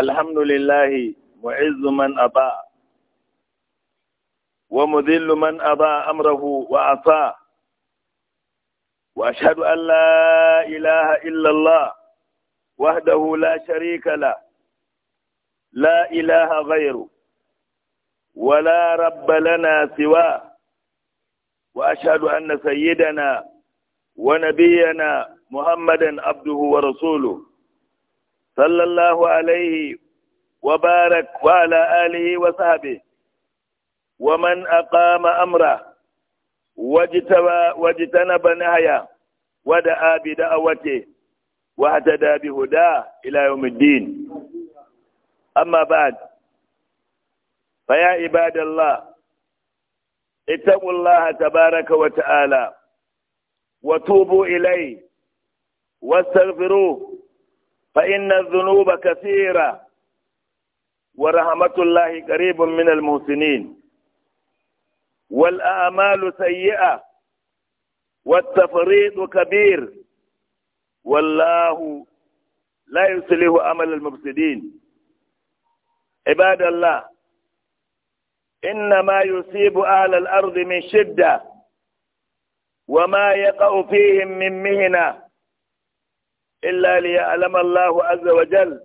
الحمد لله معز من أباء ومذل من أبى أمره وأطاع وأشهد أن لا إله إلا الله وحده لا شريك له لا إله غيره ولا رب لنا سواه وأشهد أن سيدنا ونبينا محمدا عبده ورسوله صلى الله عليه وبارك وعلى آله وصحبه ومن أقام أمره واجتنب نهيا ودعا بدعوته واهتدى بهداه إلى يوم الدين أما بعد فيا عباد الله اتقوا الله تبارك وتعالى وتوبوا إليه واستغفروه فإن الذنوب كثيرة ورحمة الله قريب من المحسنين والأعمال سيئة والتفريط كبير والله لا يصلح عمل المفسدين عباد الله إنما يصيب أهل الأرض من شدة وما يقع فيهم من مهنه إلا ليعلم الله عز وجل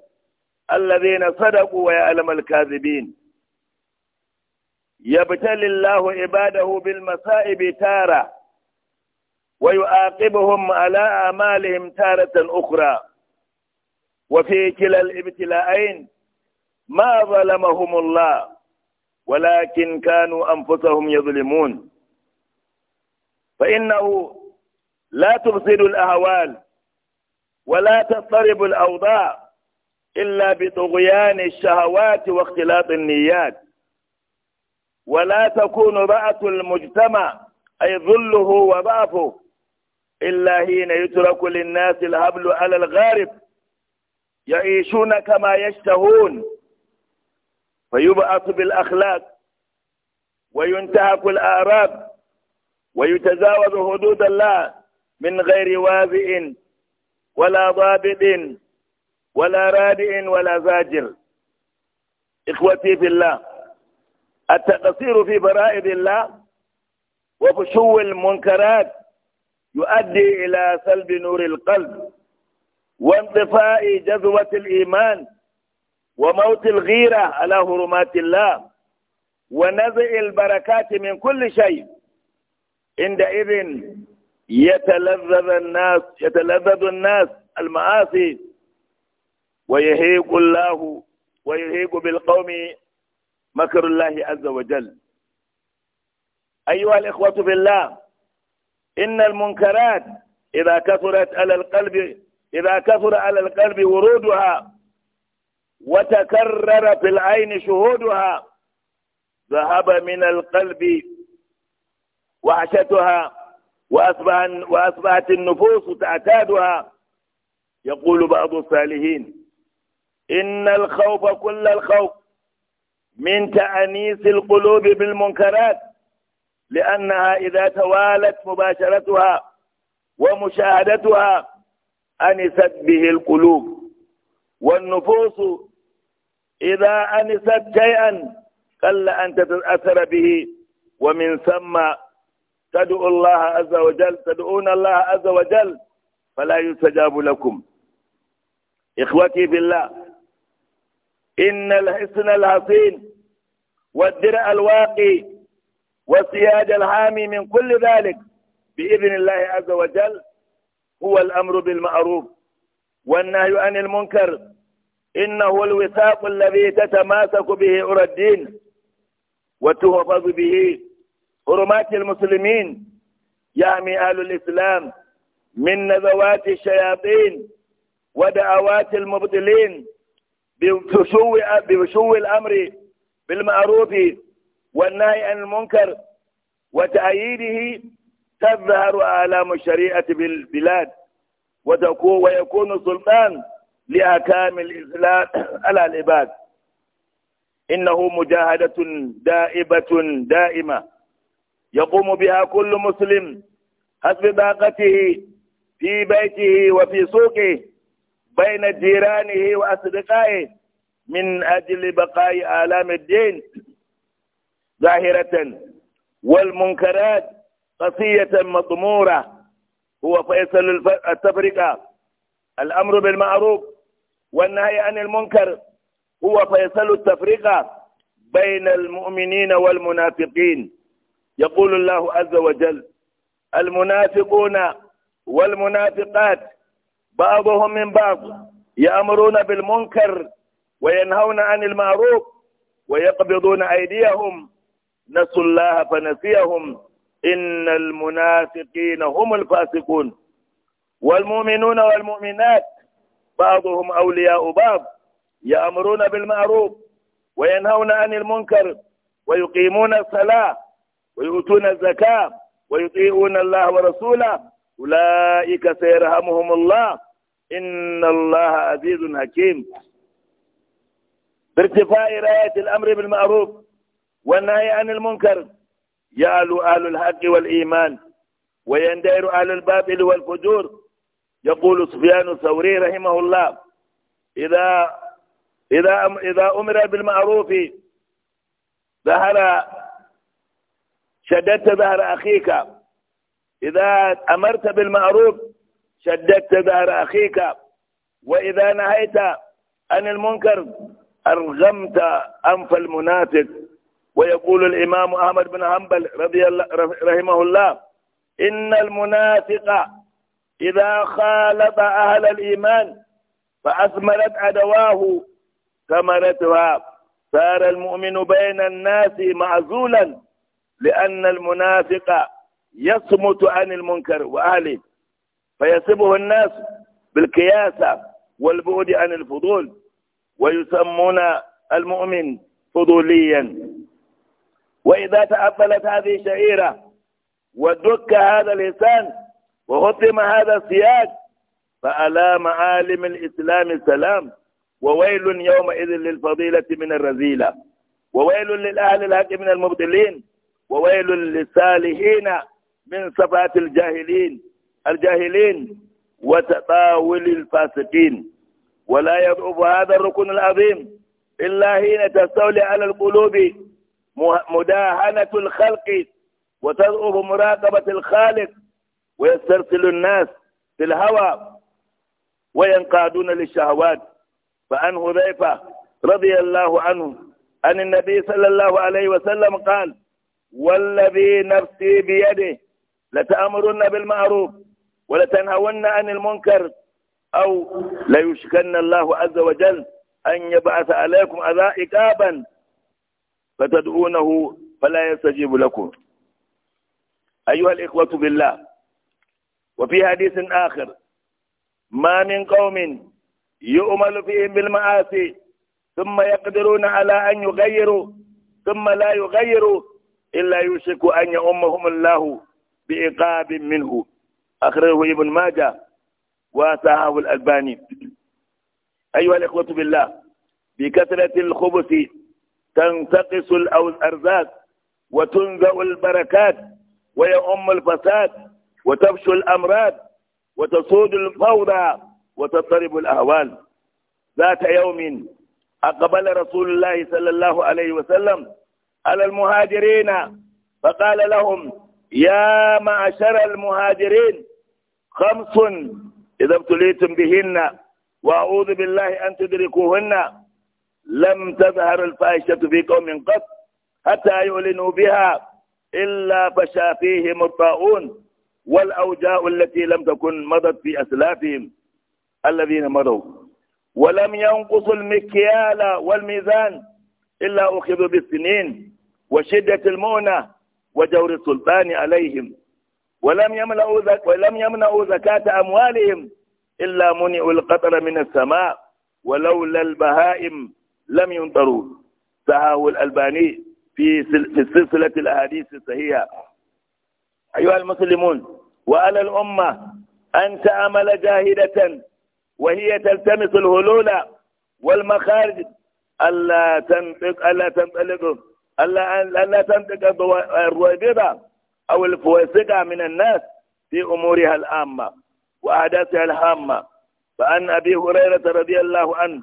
الذين صدقوا ويعلم الكاذبين يبتل الله عباده بالمصائب تارة ويعاقبهم على أعمالهم تارة أخرى وفي كلا الابتلاءين ما ظلمهم الله ولكن كانوا أنفسهم يظلمون فإنه لا تفسد الأهوال ولا تضطرب الأوضاع إلا بطغيان الشهوات واختلاط النيات ولا تكون رأة المجتمع أي ظله وضعفه إلا حين يترك للناس الهبل على الغارب يعيشون كما يشتهون فيبعث بالأخلاق وينتهك الآراب ويتجاوز حدود الله من غير وازئ ولا ضابط ولا رادع ولا زاجر إخوتي في الله التقصير في فرائض الله وفشو المنكرات يؤدي إلى سلب نور القلب وانطفاء جذوة الإيمان وموت الغيرة على هرمات الله ونزع البركات من كل شيء عندئذ يتلذذ الناس يتلذذ الناس المعاصي ويهيق الله ويهيق بالقوم مكر الله عز وجل أيها الإخوة في الله إن المنكرات إذا كثرت على القلب إذا كثر على القلب ورودها وتكرر في العين شهودها ذهب من القلب وحشتها وأصبح وأصبحت النفوس تعتادها يقول بعض الصالحين إن الخوف كل الخوف من تأنيس القلوب بالمنكرات لأنها إذا توالت مباشرتها ومشاهدتها أنست به القلوب والنفوس إذا أنست شيئا قل أن تتأثر به ومن ثم تدعو الله عز وجل تدعون الله عز وجل فلا يستجاب لكم إخوتي بالله إن الحسن الحصين والدرع الواقي والسياج الحامي من كل ذلك بإذن الله عز وجل هو الأمر بالمعروف والنهي عن المنكر إنه الوثاق الذي تتماسك به أرى الدين وتحفظ به حرمات المسلمين يعني أهل الإسلام من نزوات الشياطين ودعوات المبطلين بشو بشو الأمر بالمعروف والنهي عن المنكر وتأييده تظهر آلام الشريعة بالبلاد وتكون ويكون سلطان لأحكام الإسلام على العباد إنه مجاهدة دائبة دائمة يقوم بها كل مسلم حسب باقته في بيته وفي سوقه بين جيرانه وأصدقائه من أجل بقاء آلام الدين ظاهرة والمنكرات قصية مطمورة هو فيصل التفرقة الأمر بالمعروف والنهي عن المنكر هو فيصل التفرقة بين المؤمنين والمنافقين يقول الله عز وجل المنافقون والمنافقات بعضهم من بعض يأمرون بالمنكر وينهون عن المعروف ويقبضون أيديهم نسوا الله فنسيهم إن المنافقين هم الفاسقون والمؤمنون والمؤمنات بعضهم أولياء بعض يأمرون بالمعروف وينهون عن المنكر ويقيمون الصلاة ويؤتون الزكاة ويطيعون الله ورسوله أولئك سيرحمهم الله إن الله عزيز حكيم بارتفاع راية الأمر بالمعروف والنهي عن المنكر يعلو أهل الحق والإيمان ويندير أهل الباطل والفجور يقول سفيان الثوري رحمه الله إذا إذا إذا أمر بالمعروف ظهر شددت ظهر أخيك إذا أمرت بالمعروف شددت ظهر أخيك وإذا نهيت عن المنكر أرغمت أنف المنافق ويقول الإمام أحمد بن حنبل رضي الله رحمه الله إن المنافق إذا خالط أهل الإيمان فأثمرت عدواه ثمرتها صار المؤمن بين الناس معزولا لأن المنافق يصمت عن المنكر وأهله فيسبه الناس بالكياسة والبعد عن الفضول ويسمون المؤمن فضوليا وإذا تعطلت هذه الشعيرة ودك هذا اللسان وغطم هذا السياج فألا معالم الإسلام السلام وويل يومئذ للفضيلة من الرذيلة وويل للأهل الحق من المبطلين وويل للسالهين من صفات الجاهلين الجاهلين وتطاول الفاسقين ولا يضعف هذا الركن العظيم إلا حين تستولي على القلوب مداهنة الخلق وتضعف مراقبة الخالق ويسترسل الناس في الهوى وينقادون للشهوات فعن حذيفة رضي الله عنه عن النبي صلى الله عليه وسلم قال والذي نفسي بيده لتأمرن بالمعروف ولتنهون عن المنكر أو ليشكن الله عز وجل أن يبعث عليكم عقابا فتدعونه فلا يستجيب لكم أيها الإخوة بالله وفي حديث آخر ما من قوم يؤمل فيهم بالمعاصي ثم يقدرون على أن يغيروا ثم لا يغيروا إلا يوشك أن يؤمهم الله بعقاب منه أخرجه ابن ماجه وساهه الألباني أيها الإخوة بالله بكثرة الخبث تنتقص الأرزاق وتنزع البركات ويؤم الفساد وتفشو الأمراض وتصود الفوضى وتضطرب الأهوال ذات يوم أقبل رسول الله صلى الله عليه وسلم على المهاجرين فقال لهم يا معشر المهاجرين خمس إذا ابتليتم بهن وأعوذ بالله أن تدركوهن لم تظهر الفاحشة في قوم قط حتى يعلنوا بها إلا فشا فيهم الطاعون والأوجاء التي لم تكن مضت في أسلافهم الذين مضوا ولم ينقصوا المكيال والميزان إلا أخذوا بالسنين وشدة المونة ودور السلطان عليهم ولم يمنعوا ولم يمنعوا زكاة أموالهم إلا منعوا القطر من السماء ولولا البهائم لم ينطروا سهاه الألباني في في سلسلة الأحاديث الصحيحة أيها المسلمون وعلى الأمة أن تعمل جاهدة وهي تلتمس الهلول والمخارج ألا تنطق ألا تنطلق ألا ألا تنطق الرويبضة أو الفويسقة من الناس في أمورها العامة وأحداثها الهامة فأن أبي هريرة رضي الله عنه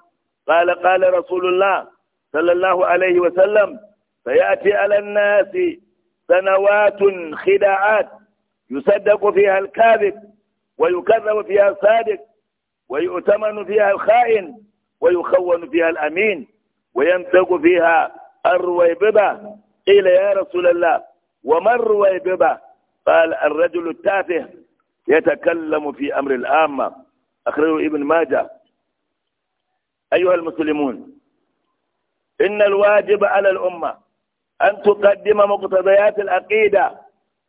قال قال رسول الله صلى الله عليه وسلم فيأتي على الناس سنوات خداعات يصدق فيها الكاذب ويكذب فيها الصادق ويؤتمن فيها الخائن ويخون فيها الأمين وينطق فيها الرويببة قيل يا رسول الله وما الرويببة قال الرجل التافه يتكلم في أمر العامة أخرجه ابن ماجه أيها المسلمون إن الواجب على الأمة أن تقدم مقتضيات العقيدة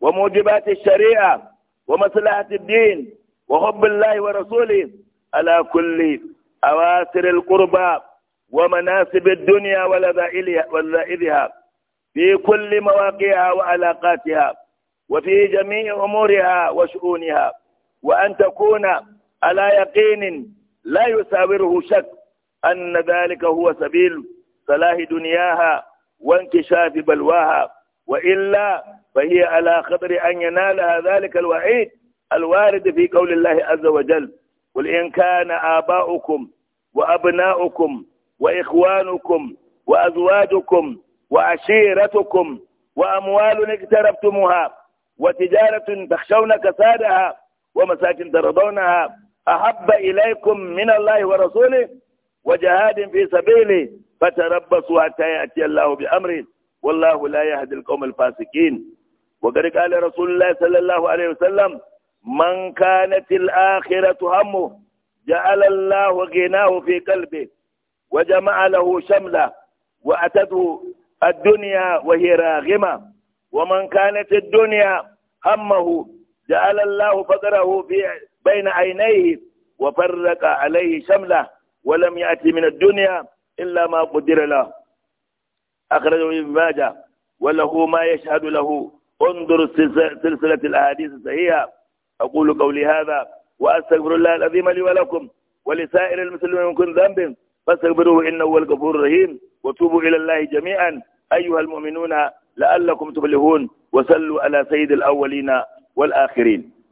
وموجبات الشريعة ومصلحة الدين وحب الله ورسوله على كل أواسر القربى ومناسب الدنيا ولذائذها في كل مواقعها وعلاقاتها وفي جميع أمورها وشؤونها وأن تكون على يقين لا يساوره شك أن ذلك هو سبيل صلاح دنياها وانكشاف بلواها وإلا فهي على خطر أن ينالها ذلك الوعيد الوارد في قول الله عز وجل قل إن كان آباؤكم وأبناؤكم وإخوانكم وأزواجكم وعشيرتكم وأموال اقتربتمها وتجارة تخشون كسادها ومساكن ترضونها أحب إليكم من الله ورسوله وجهاد في سبيله فتربصوا حتى يأتي الله بأمره والله لا يهدي القوم الفاسقين وقد قال رسول الله صلى الله عليه وسلم من كانت الآخرة همه جعل الله غناه في قلبه وجمع له شمله وأتته الدنيا وهي راغمة ومن كانت الدنيا همه جعل الله فقره في بين عينيه وفرق عليه شمله ولم يأتي من الدنيا إلا ما قدر له أخرجه ابن ماجه وله ما يشهد له انظر سلسلة الأحاديث الصحيحة أقول قولي هذا وأستغفر الله العظيم لي ولكم ولسائر المسلمين من كل ذنب فاستغفروه إنه هو الغفور الرحيم وتوبوا إلى الله جميعا أيها المؤمنون لعلكم تفلحون وصلوا على سيد الأولين والآخرين